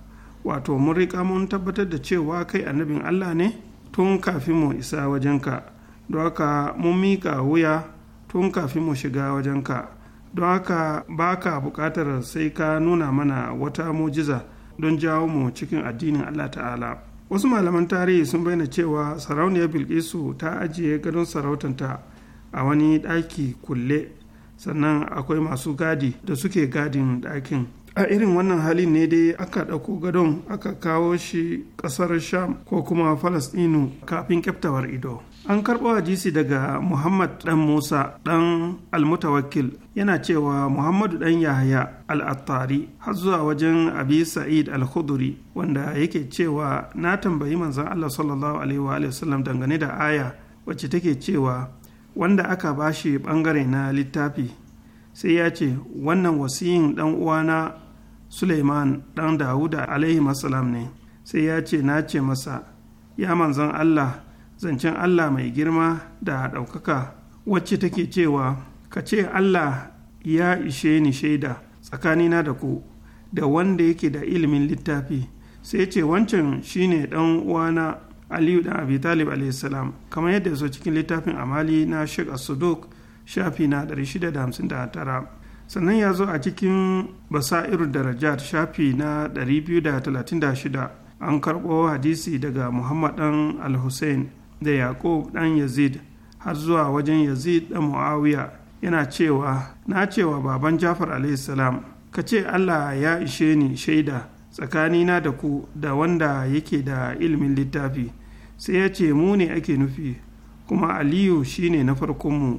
wato mun riƙa mun tabbatar da cewa kai annabin Allah ne tun kafin mu isa wajenka don haka mun miƙa wuya tun kafin mu shiga wajenka don haka ba ka buƙatar sai ka nuna mana wata mujiza don jawo mu cikin addinin Allah ta'ala wasu malaman tarihi sun bayyana cewa sarauniyar bilkisu ta ajiye gadon sarautanta a wani ɗaki kulle sannan akwai masu gadi da suke gadin ɗakin a irin wannan halin ne dai aka ɗauko gadon aka kawo shi ƙasar sham ko kuma falasɗinu kafin kyaftawar ido an karɓo hadisi daga muhammad ɗan musa ɗan almutawakkil yana cewa muhammadu ɗan yahaya al'attari har zuwa wajen abi sa'id al-khuduri wanda yake cewa na tambayi manzon allah sallallahu alaihi wa sallam dangane da aya wacce take cewa wanda aka bashi ɓangare na littafi sai ya ce wannan wasiyin ɗan uwana suleiman ɗan dawuda alaihi masalam ne sai ya ce na ce masa ya manzan allah zancen allah mai girma da ɗaukaka wacce take cewa ka ce allah ya ishe ni shaida tsakanina da ku da wanda yake da ilimin littafi sai ce wancan shine ɗan uwana aliyu ɗan abi talib salam kamar yadda ya so cikin littafin amali na sheikh as shafi na 659 sannan ya zo a cikin basa'ir darajat shafi na 236 an karɓo hadisi daga muhammad ɗan al-hussein da yaqub ɗan yazid har zuwa wajen yazid ɗan muawiya yana cewa na cewa baban jafar salam ka ce allah ya ishe ni shaida tsakanina da ku da wanda yake da ilimin littafi sai ya ce mu ne ake nufi kuma aliyu shine na farkonmu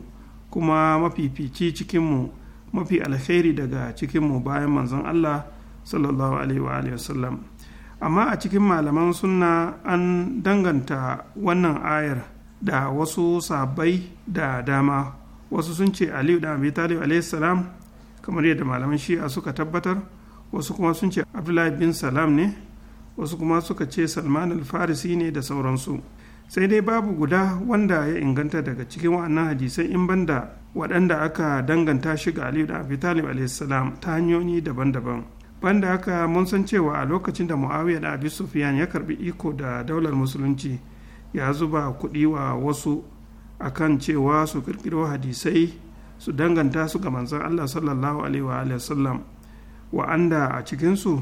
kuma mafifici cikinmu mafi alkhairi daga cikin mu bayan manzon Allah sallallahu alaihi wasallam amma a cikin malaman sunna an danganta wannan ayar da wasu sabai da dama wasu sun ce aliyu da abi talib salam kamar yadda malaman shi'a suka tabbatar wasu kuma sun ce abdullahi bin salam ne wasu kuma suka ce salman al-farisi ne da sauransu sai dai babu guda wanda ya inganta daga cikin wa'annan hadisai in banda waɗanda aka danganta shi ga aliyu da abi talib alaihissalam ta hanyoyi daban-daban banda aka mun san cewa a lokacin da muawiya da abi sufyan ya karbi iko da daular musulunci ya zuba kuɗi wa wasu a kan cewa su kirkiro hadisai su danganta su ga manzon allah sallallahu alaihi wa wa'anda a cikinsu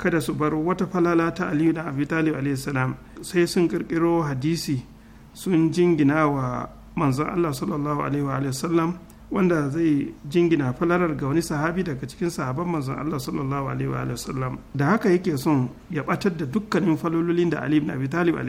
kada su bar wata falala ta aliyu da abi talib alaihissalam sai sun kirkiro hadisi sun jingina wa manzon allah sallallahu alaihi wa sallam wanda zai jingina falalar ga wani sahabi daga cikin sahaban manzon allah sallallahu alaihi wa sallam da haka yake son ya batar da dukkanin falololin da ali ibn abi talib ya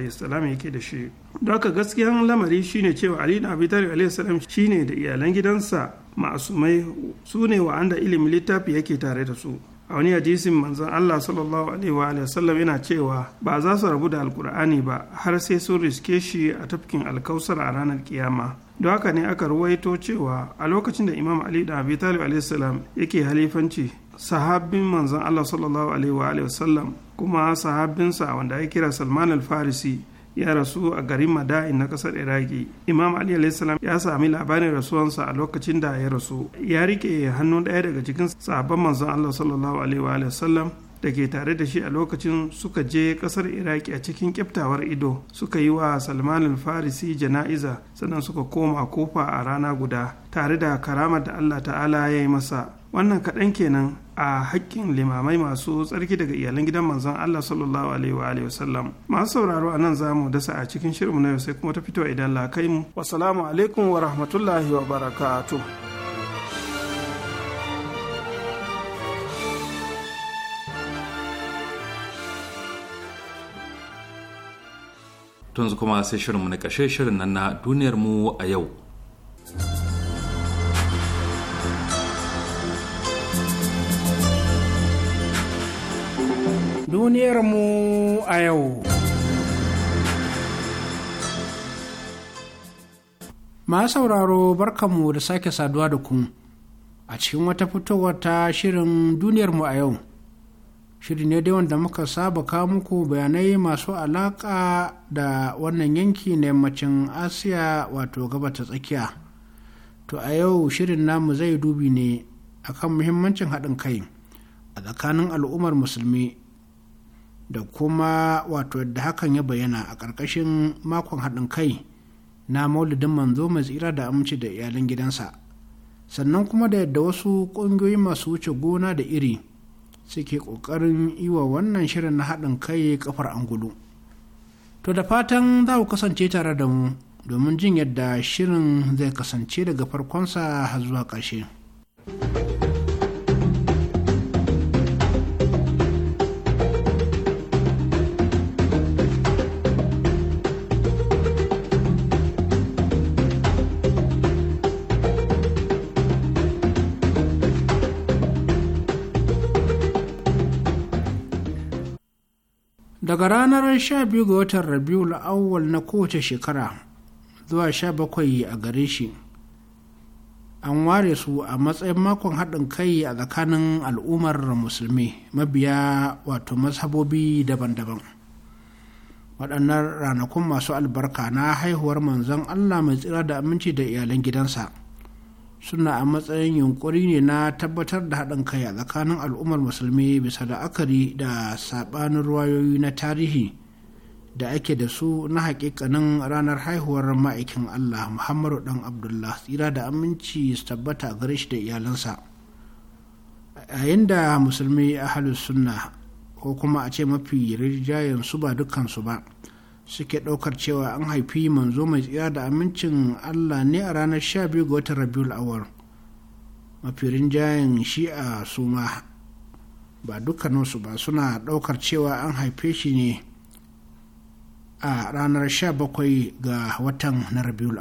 yake da shi don haka gaskiyan lamari shine cewa ali ibn abi talib alaihissalam shine da iyalan gidansa ma'asumai su ne wa'anda ilimin littafi yake tare da su a wani hadisin manzon Allah sallallahu alaihi wa sallam yana cewa ba za su rabu da alkur'ani ba har sai sun riske shi a tafkin alkausar a ranar kiyama don haka ne aka ruwaito cewa a lokacin da imam ali da abi talib alaihi salam yake halifanci sahabbin manzon Allah sallallahu alaihi wa sallam kuma sahabbinsa wanda ya kira salman al-farisi ya rasu a garin Mada'in na kasar Iraki. Imam Ali ya sami labarin rasuwansa a lokacin da ya rasu. Ya rike hannu ɗaya daga cikin sabon manzon Allah sallallahu alaihi wa sallam da ke tare da shi a lokacin suka je kasar Iraki a cikin kyaftawar ido suka yi wa Salman farisi jana'iza sannan suka koma kofa a rana guda tare da karamar da Allah ta'ala ya yi masa. Wannan kaɗan kenan a hakkin limamai masu tsarki daga iyalan gidan manzon Allah sallallahu alaihi wa alihi wasallam masu sauraro a nan zamu dasa a cikin shirinmu na yau sai kuma ta fito idan la kai mu wassalamu alaikum wa rahmatullahi wa barakatuh Tunzu kuma sai shirinmu na ƙashe shirin nan na duniyarmu a yau. mu a yau. Ma sauraro barkanmu da sake saduwa da ku a cikin wata fitowar ta shirin duniyarmu a yau. Shiri ne dai wanda muka saba kawo muku bayanai masu alaƙa da wannan yanki na yammacin Asiya wato gaba ta tsakiya. To a yau shirin namu zai dubi ne akan muhimmancin haɗin kai a tsakanin al'ummar musulmi da kuma wato da hakan ya bayyana a ƙarƙashin makon haɗin kai na maulidin manzo mai tsira da amince da iyalan gidansa sannan kuma da yadda wasu ƙungiyoyi masu wuce gona da iri suke ƙoƙarin yi wa wannan shirin na haɗin kai kafar angulu to da fatan za ku kasance tare da mu domin jin yadda shirin zai kasance daga farkonsa zuwa ƙarshe. daga ranar 12 ga watan rabiul awwal na kowace shekara zuwa 17 a gare shi an ware su a matsayin makon haɗin kai a tsakanin al'ummar musulmi mabiya wato mazhabobi daban-daban waɗannan ranakun masu albarka na haihuwar manzon allah mai tsira da aminci da iyalan gidansa suna a matsayin yunkuri ne na tabbatar da haɗin kai a tsakanin al'ummar musulmi bisa la'akari da saɓanin ruwayoyi na tarihi da ake da su na hakikanin ranar haihuwar ma'aikin Allah Muhammadu dan Abdullah tsira da aminci su tabbata a gare shi da iyalansa yayin da musulmi ahalus sunna ko kuma a ce mafi rinjayen su ba dukansu ba suke ɗaukar cewa an haifi manzo mai tsira da amincin allah ne a ranar sha biyu ga watan rabiul awar mafirin jayin shi'a su ma ba dukkaninsu ba suna ɗaukar cewa an haife shi ne a ranar sha bakwai ga watan na rabiul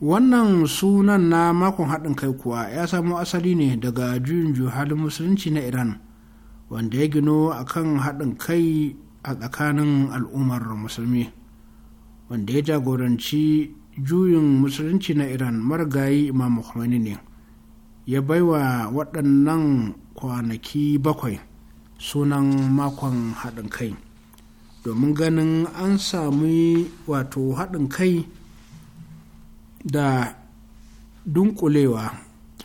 wannan sunan na makon haɗin kai kuwa ya samo asali ne daga juyin juhalin musulunci na iran wanda ya gino akan haɗin kai a tsakanin al'ummar musulmi wanda ya jagoranci juyin musulunci na iran marigayi imam khomeini ne ya baiwa waɗannan kwanaki bakwai sunan makon haɗin kai domin ganin an sami wato haɗin kai da dunkulewa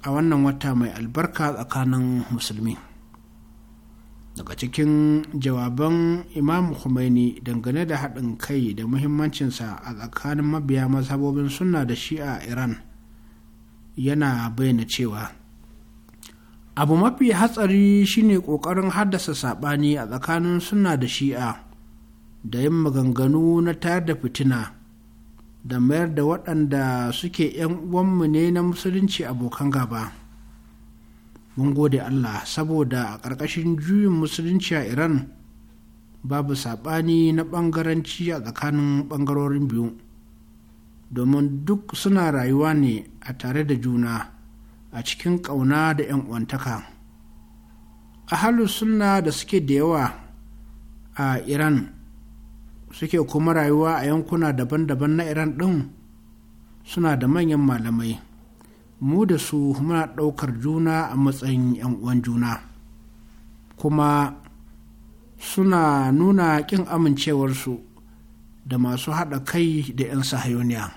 a wannan wata mai albarka tsakanin musulmi daga cikin jawaban imam Khomeini dangane da haɗin kai da muhimmancinsa a tsakanin mabiya mazhabobin sunna da shi'a iran yana bayyana cewa abu mafi hatsari shine ƙoƙarin haddasa saɓani a tsakanin sunna da shi'a da yin maganganu na tayar da fitina da mayar da waɗanda suke 'yan uwanmu ne na musulunci abokan gaba. mun gode allah saboda a ƙarƙashin juyin musulunci a iran babu saɓani na ɓangaranci a tsakanin ɓangarorin biyu domin duk suna rayuwa ne a tare da juna a cikin ƙauna da 'yan uwantaka halin suna da suke da yawa a iran suke kuma rayuwa a yankuna daban-daban na iran ɗin suna da manyan malamai mu da su muna ɗaukar juna a matsayin 'yan uwan juna kuma suna nuna ƙin amincewarsu da masu haɗa kai da 'yan sahayoniya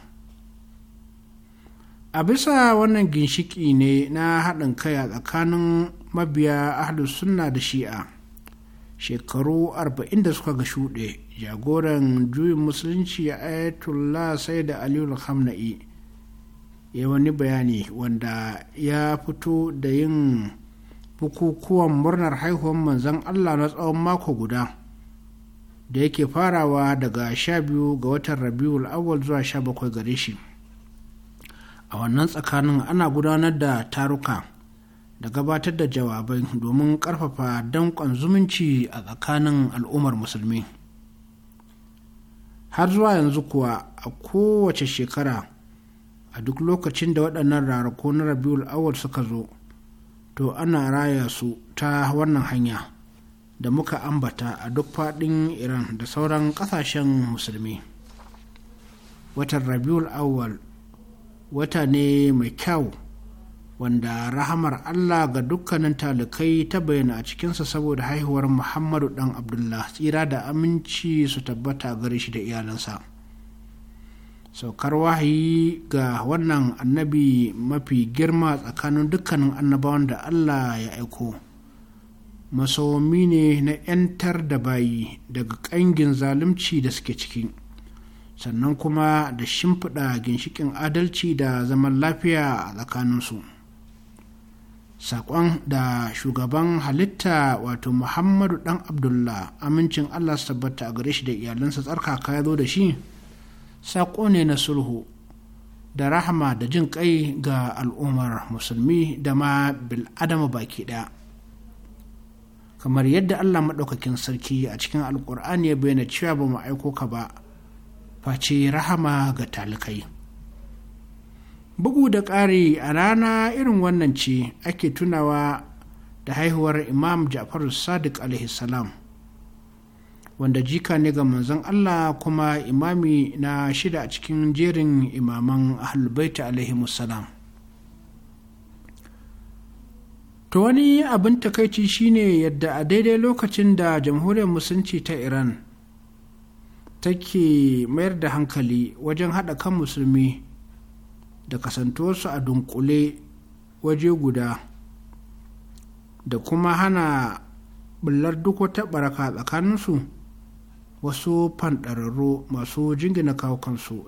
a bisa wannan ginshiki ne na haɗin kai a tsakanin mabiya ahlus sunna da shi'a shekaru 40 da suka ga shuɗe jagoran juyin musulunci ayatollah sai da aliyu alhamna'i ya wani bayani wanda ya fito da yin bukukuwan murnar haihuwar manzon allah na tsawon mako guda da yake farawa daga 12 ga watan rabiul awwal zuwa 17 gare shi a wannan tsakanin ana gudanar da taruka da gabatar da jawabai domin karfafa danƙon zumunci a tsakanin al'ummar musulmi har zuwa yanzu kuwa a kowace shekara a duk lokacin da waɗannan rarako na rabiul awal suka zo to ana raya su ta wannan hanya da muka ambata a duk faɗin iran da sauran ƙasashen musulmi watan rabiul awal wata ne mai kyau wanda rahamar allah ga dukkanin talikai ta bayyana a cikinsa saboda haihuwar muhammadu dan abdullah tsira da aminci su tabbata gare shi da iyalansa saukar wahayi ga wannan annabi mafi girma tsakanin dukkanin annabawan da allah ya aiko masomi ne na 'yantar da bayi daga ƙangin zalunci da suke ciki sannan kuma da shimfiɗa ginshikin adalci da zaman lafiya a tsakaninsu saƙon da shugaban halitta wato muhammadu ɗan abdullah amincin allah su tabbata a gare shi da iyalansa tsarkaka ya zo da shi saƙo ne na sulhu da rahama da jin ƙai ga al'ummar musulmi da ma bil'adama baki ɗaya kamar yadda allah maɗaukakin sarki a cikin alƙur'ani ya bayyana cewa ba mu aiko ka ba face rahama ga talikai bugu da ƙari a rana irin wannan ce ake tunawa da haihuwar imam ja'far sadiq alaihi wanda jika ne ga manzon Allah kuma imami na shida a cikin jerin imaman alaihi alaihimussalam to wani abin takaici shine yadda a daidai lokacin da jamhuriyar musulunci ta iran take mayar da hankali wajen haɗa kan musulmi da kasantuwarsu a dunkule waje guda da kuma hana bullar duk wata baraka tsakaninsu wasu fanɗararru masu jingina kawo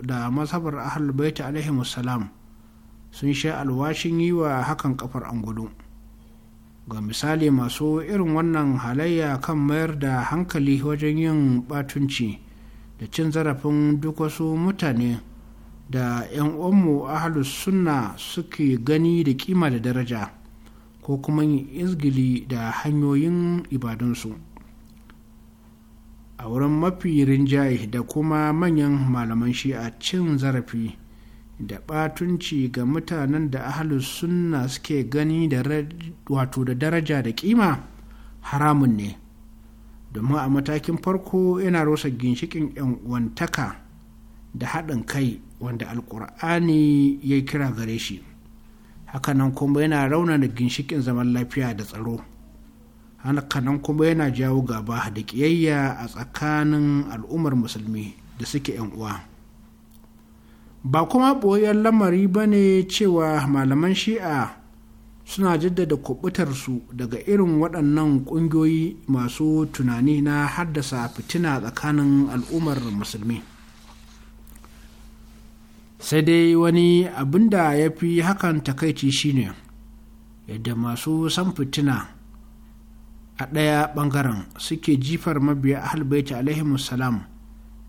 da mazhabar ahlul baita alaihi salam sun sha alwashin yi wa hakan kafar angulu ga misali masu irin wannan halayya kan mayar da hankali wajen yin batunci da cin zarafin duk wasu mutane da 'yan uwanmu ahalus sunna suke gani da kima da daraja ko kuma yin izgili da hanyoyin ibadunsu. a wurin mafi rinjaye da kuma manyan malaman shi'a cin zarafi da ɓatunci ga mutanen da ahalus sunna suke gani da wato da daraja da kima haramun ne domin a matakin farko yana rusa ginshikin 'yan uwantaka da haɗin kai wanda alkur'ani ya kira gare shi hakanan kuma yana raunana ginshikin zaman lafiya da tsaro hakanan kuma yana jawo gaba da ƙiyayya a tsakanin al'ummar musulmi da suke 'yan uwa ba kuma boyar lamari ba ne cewa malaman shi'a suna jaddada kubutarsu daga irin waɗannan ƙungiyoyi masu tunani na haddasa fitina tsakanin al'ummar musulmi sai dai wani abin da ya fi hakan takaici shine yadda masu san fitina a ɗaya ɓangaren suke jifar mabiya ahalbaita alaihimus salam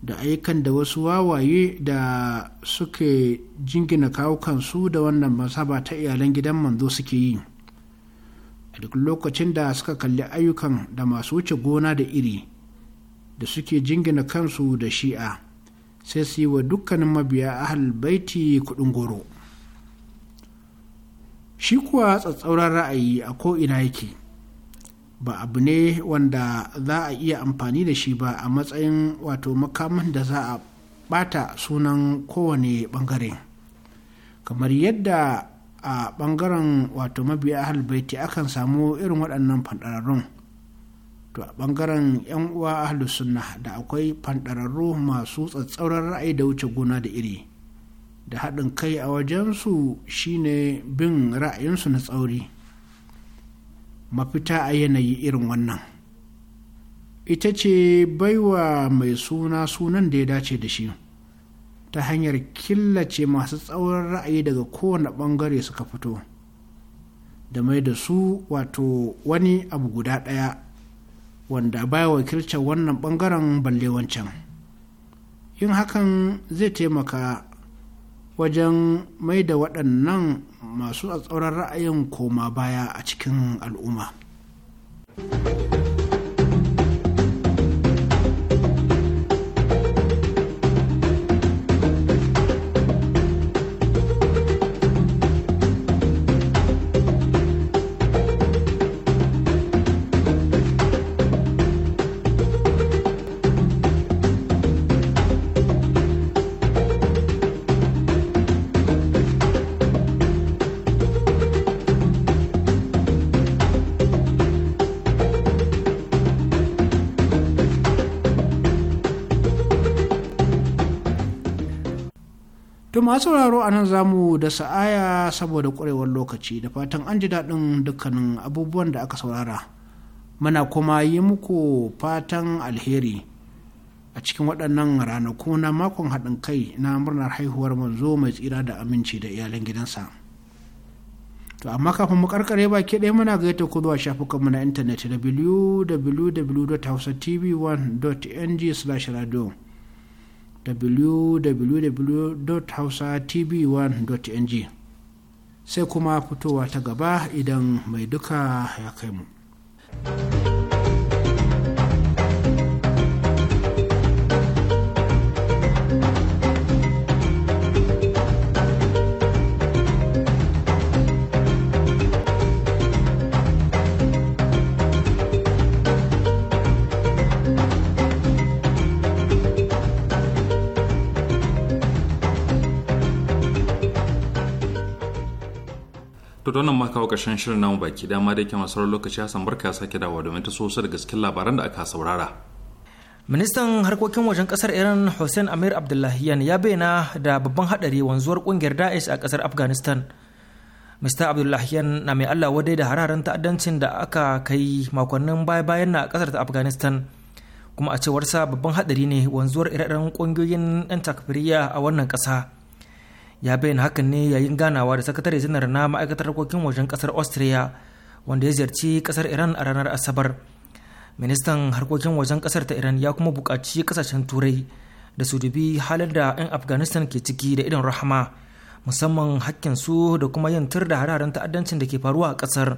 da ayyukan da wasu wawaye da suke jingina kawo kansu da wannan masaba ta iyalan gidan manzo suke yi a duk lokacin da suka kalli ayyukan da masu wuce gona da iri da suke jingina kansu da shi'a sai su yi wa dukkanin mabiya a baiti kudin goro shi kuwa tsatsauran ra'ayi a ko'ina yake ba abu ne wanda za a iya amfani da shi ba a matsayin wato makamin da za a bata sunan kowane bangare kamar yadda a bangaren wato mabiya ahalbaiti akan samu irin waɗannan fanɗararrun to a bangaren 'yan uwa sunna da akwai fanɗararru masu tsatsauran ra'ayi da wuce gona da iri da haɗin kai a wajensu shine bin ra'ayinsu na tsauri mafita a yanayi irin wannan ita ce baiwa mai suna sunan da ya dace da shi ta hanyar killace masu tsawon ra'ayi daga kowane bangare suka fito da mai da su wato wani abu guda ɗaya wanda baya wakiltar wannan bangaren balle wancan yin hakan zai taimaka wajen mai da waɗannan masu tsatsauran ra'ayin koma baya a cikin al'umma. masu sauraro a nan zamu da sa'aya saboda kwarewar lokaci da fatan an ji daɗin dukkanin abubuwan da aka saurara muna kuma yi muku fatan alheri a cikin waɗannan ranaku na makon haɗin kai na murnar haihuwar manzo mai tsira da aminci da iyalan gidansa to amma kafin mu karkare baki ɗaya muna gaita ku zuwa shafukanmu na intanet www.hausatv1.ng/radio www.hausatv1.ng sai kuma fitowa ta gaba idan mai duka ya kai mu. thank you to don ma kawo ƙarshen shirin namu baki dama da yake masu lokaci Hassan Barka sake dawo domin ta sosa da gaskin labaran da aka saurara. ministan harkokin wajen kasar iran hussein amir abdullahiyan ya bayyana da babban hadari wanzuwar kungiyar daesh a kasar afghanistan mr abdullahiyan na mai allah wadai da hararen ta'addancin da aka kai makonnin baya bayan na kasar ta afghanistan kuma a cewarsa babban hadari ne wanzuwar ire-iren kungiyoyin 'yan takfiriya a wannan kasa ya bayyana hakan ne yayin ganawa da sakatare janar na ma'aikatar harkokin wajen kasar austria wanda ya ziyarci kasar iran a ranar asabar ministan harkokin wajen kasar ta iran ya kuma bukaci kasashen turai da su dubi halin da 'yan afghanistan ke ciki da idan rahama musamman hakkin su da kuma yin tur da hararen ta'addancin da ke faruwa a kasar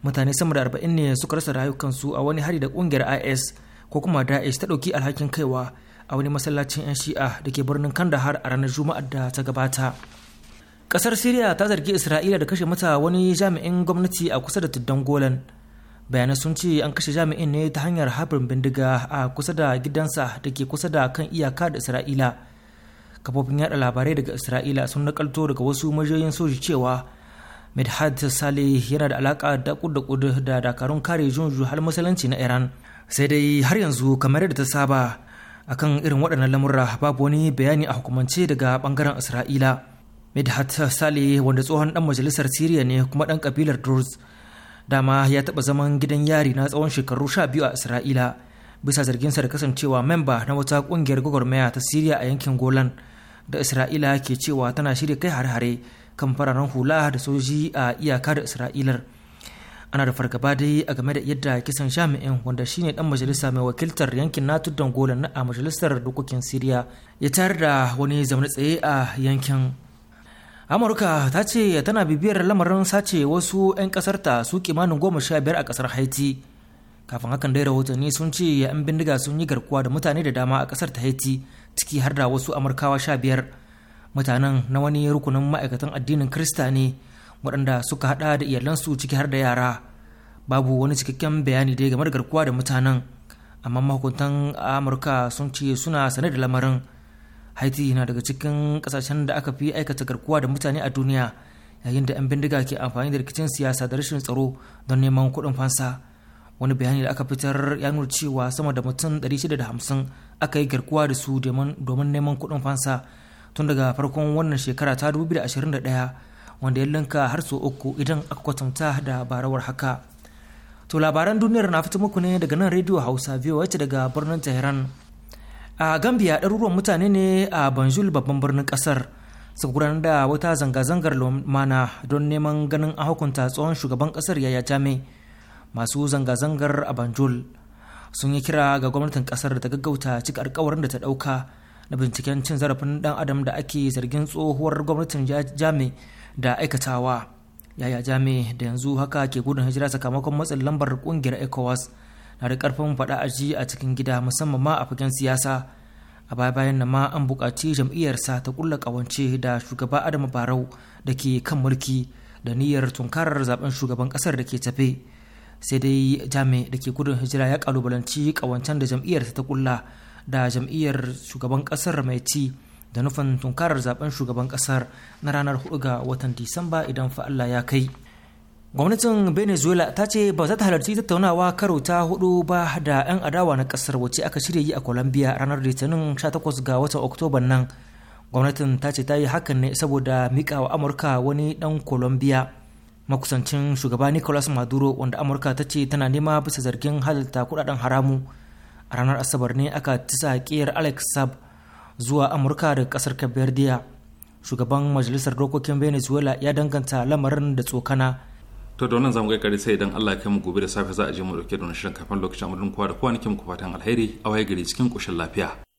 mutane sama da arba'in ne suka rasa rayukansu a wani hari da kungiyar is ko kuma daesh ta ɗauki alhakin kaiwa a wani masallacin 'yan shi'a da ke birnin kandahar a ranar juma'a da ta gabata kasar siriya ta zargi isra'ila da kashe mata wani jami'in gwamnati a kusa da tuddan golan bayanai sun ce an kashe jami'in ne ta hanyar harbin bindiga a kusa da gidansa da ke kusa da kan iyaka da isra'ila kafofin yada labarai daga isra'ila sun nakalto daga wasu majiyoyin soji cewa Medhad Saleh yana da alaka da kudu da dakarun kare jun juhal musulunci na Iran. Sai dai har yanzu kamar da ta saba akan irin waɗannan lamurra babu wani bayani a hukumance daga bangaren isra'ila midhat sale wanda tsohon ɗan majalisar siriya ne kuma ɗan kabilar druze dama ya taɓa zaman gidan yari na tsawon shekaru sha biyu a isra'ila bisa zarginsa da kasancewa memba na wata ƙungiyar gwagwarmaya ta siriya a yankin golan da isra'ila ke cewa tana shirya kai hare-hare kan fararen hula da sojoji a iyaka da isra'ilar ana da fargaba dai a game da yadda kisan jami'in wanda shine dan majalisa mai wakiltar yankin na tuddan golan a majalisar dokokin siriya ya tayar da wani zaune tsaye a yankin amurka ta ce tana bibiyar lamarin sace wasu 'yan kasarta su kimanin goma sha biyar a kasar haiti kafin hakan dai rahotanni sun ce 'yan bindiga sun yi garkuwa da mutane da dama a kasar ta haiti ciki har da wasu amurkawa sha biyar mutanen na wani rukunin ma'aikatan addinin krista ne waɗanda suka haɗa da iyalansu ciki har da yara babu wani cikakken bayani dai game da garkuwa da mutanen amma mahukuntan amurka sun ce suna sane da lamarin haiti na daga cikin kasashen da aka fi aikata garkuwa da mutane a duniya yayin da 'yan bindiga ke amfani da rikicin siyasa da rashin tsaro don neman kuɗin fansa wani bayani da aka fitar ya nuna cewa sama da mutum 650 aka yi garkuwa da su domin neman kuɗin fansa tun daga farkon wannan shekara ta 2021 wanda ya linka har sau uku idan aka kwatanta da barawar haka to labaran duniyar na fito muku ne daga nan rediyo hausa wacce daga birnin tehran a gambia ɗaruruwan mutane ne a banjul babban birnin ƙasar suka gudanar da wata zanga-zangar lumana don neman ganin a hukunta tsohon shugaban ƙasar yaya jame masu zanga-zangar a banjul sun yi kira ga gwamnatin ƙasar da ta gaggauta cika alkawarin da ta ɗauka na binciken cin zarafin dan adam da ake zargin tsohuwar gwamnatin jami da aikatawa yaya jami da yanzu haka ke gudun hijira sakamakon matsin lambar kungiyar ecowas na da karfin faɗa a ji a cikin gida musamman ma a fagen siyasa a baya bayan na ma an buƙaci jam'iyyarsa ta kulla ƙawance da shugaba adamu barau da ke kan mulki da niyyar tunkarar zaben shugaban ƙasar da ke tafe sai dai jami da ke gudun hijira ya kalubalanci ƙawancen da jam'iyyarsa ta kulla da jam'iyyar shugaban ƙasar mai ci da nufin tunkarar zaben shugaban kasar na ranar 4 ga watan disamba idan fa Allah ya kai gwamnatin venezuela ta ce ba za ta halarci tattaunawa karo ta hudu ba da 'yan adawa na kasar wace aka shirya yi a colombia ranar litinin 18 ga watan oktoba nan gwamnatin ta ce ta yi hakan ne saboda mika wa amurka wani dan colombia makusancin shugaba nicolas maduro wanda amurka ta ce tana nema bisa zargin halitta kudaden haramu a ranar asabar ne aka tisa kiyar alex sab zuwa amurka daga kasar kabirdiya shugaban majalisar dokokin venezuela ya danganta lamarin da tsokana to da wannan zamu ga kare sai idan Allah ya kai mu gobe da safe za a je mu dauke da wannan shirin kafin lokacin amurin kowa da kowa nake muku fatan alheri a waye gari cikin koshin lafiya